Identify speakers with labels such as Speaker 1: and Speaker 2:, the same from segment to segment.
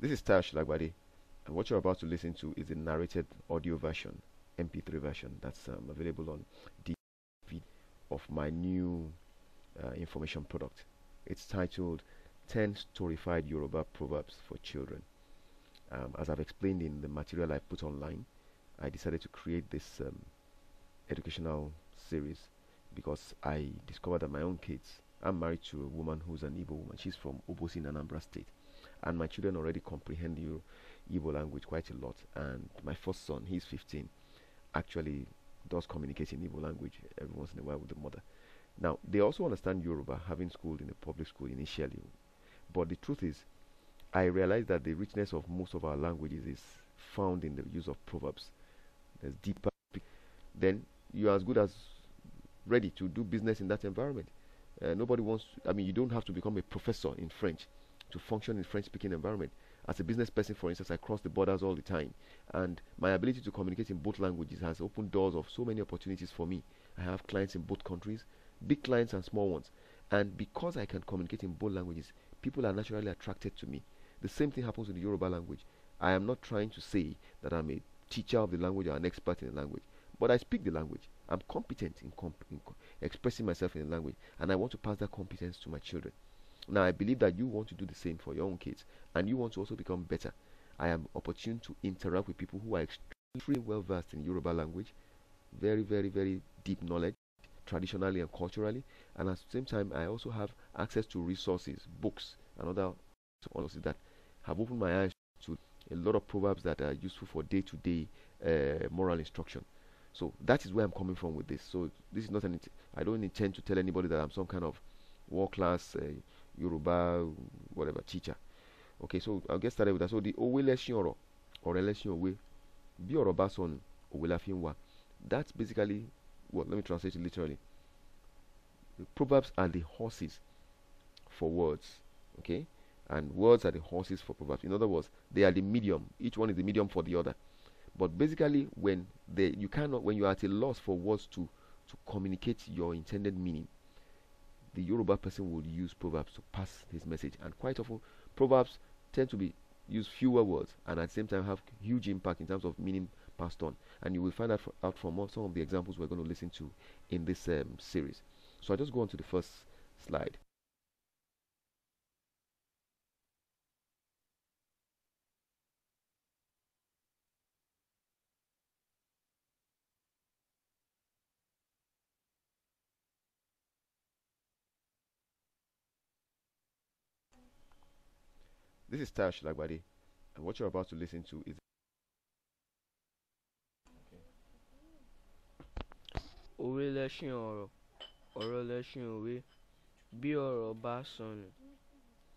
Speaker 1: This is Tash Lagbadi, and what you're about to listen to is a narrated audio version, MP3 version, that's um, available on DV of my new uh, information product. It's titled 10 Storified Yoruba Proverbs for Children. Um, as I've explained in the material I put online, I decided to create this um, educational series because I discovered that my own kids, I'm married to a woman who's an Igbo woman. She's from Obosi in Anambra State and my children already comprehend the Igbo language quite a lot. And my first son, he's 15, actually does communicate in Igbo language every once in a while with the mother. Now, they also understand Yoruba, having schooled in a public school initially. But the truth is, I realize that the richness of most of our languages is found in the use of proverbs. There's deeper. Then you're as good as ready to do business in that environment. Uh, nobody wants, I mean, you don't have to become a professor in French to function in French speaking environment. As a business person, for instance, I cross the borders all the time, and my ability to communicate in both languages has opened doors of so many opportunities for me. I have clients in both countries, big clients and small ones, and because I can communicate in both languages, people are naturally attracted to me. The same thing happens with the Yoruba language. I am not trying to say that I'm a teacher of the language or an expert in the language, but I speak the language. I'm competent in, comp in co expressing myself in the language, and I want to pass that competence to my children. Now, I believe that you want to do the same for your own kids and you want to also become better. I am opportune to interact with people who are extremely well versed in Yoruba language, very, very, very deep knowledge traditionally and culturally, and at the same time, I also have access to resources, books, and other resources that have opened my eyes to a lot of proverbs that are useful for day to day moral instruction. So that is where I'm coming from with this. So this is not an. I don't intend to tell anybody that I'm some kind of world class uh, eh, Yoruba, whatever, teacher. Okay, so I'll get started with that. So the òwe lẹṣin ọ̀rọ̀, ọ̀rọ̀ lẹṣin òwe, bí ọ̀rọ̀ sọnù, òwe That's basically what. Let me translate it literally. The proverbs are the horses for words. Okay, and words are the horses for proverbs. In other words, they are the medium. Each one is the medium for the other. But basically, when they you cannot when you are at a loss for words to to communicate your intended meaning, the Yoruba person will use proverbs to pass his message, and quite often proverbs tend to be use fewer words and at the same time have huge impact in terms of meaning passed on. And you will find that out from some of the examples we're going to listen to in this um, series. So I just go on to the first slide. This is Tash Lagbadi, and what you're about to listen to is. Òwe lẹṣin ọ̀rọ̀, ọ̀rọ̀ lẹṣin òwe, bí ọ̀rọ̀ bá sọnù,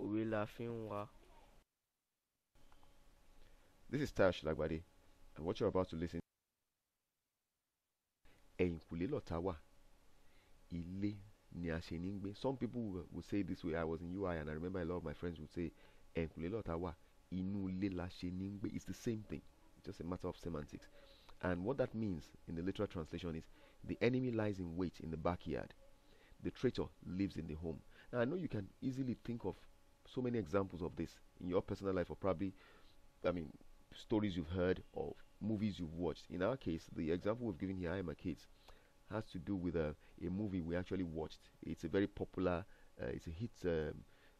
Speaker 1: òwe la fi ń wá. This is Tash Lagbadi, and what you're about to listen. Ẹ̀yìnkùlé lọ̀tá wà, ilé ni a ṣe ní gbé. Some people will say this way, I was in UI and I remember a lot of my friends would say ẹ̀kùnlé lọ́ta wà inú ilé la ṣe ní gbé it's the same thing it's just a matter of semantics and what that means in the literal translation is the enemy lies in wait in the backyard the traitor lives in the home now i know you can easily think of so many examples of this in your personal life or probably i mean stories you've heard or movies you've watched in our case the example we've given here i am a kid, has to do with a, uh, a movie we actually watched it's a very popular uh, it's a hit um,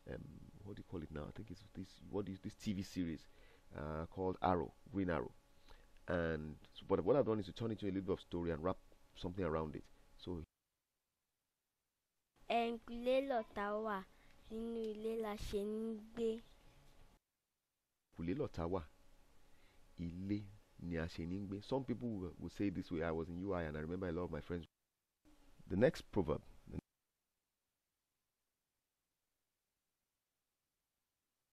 Speaker 1: um, what do you call it now? I think it's this what is this TV series uh, called Arrow, Green Arrow. And so, but what I've done is to turn it into a little bit of story and wrap something around it. So. Ẹ̀ǹkùlé tawa, wà nínú ilé tawa, ilé Some people will say this way. I was in UI and I remember a lot of my friends. The next proverb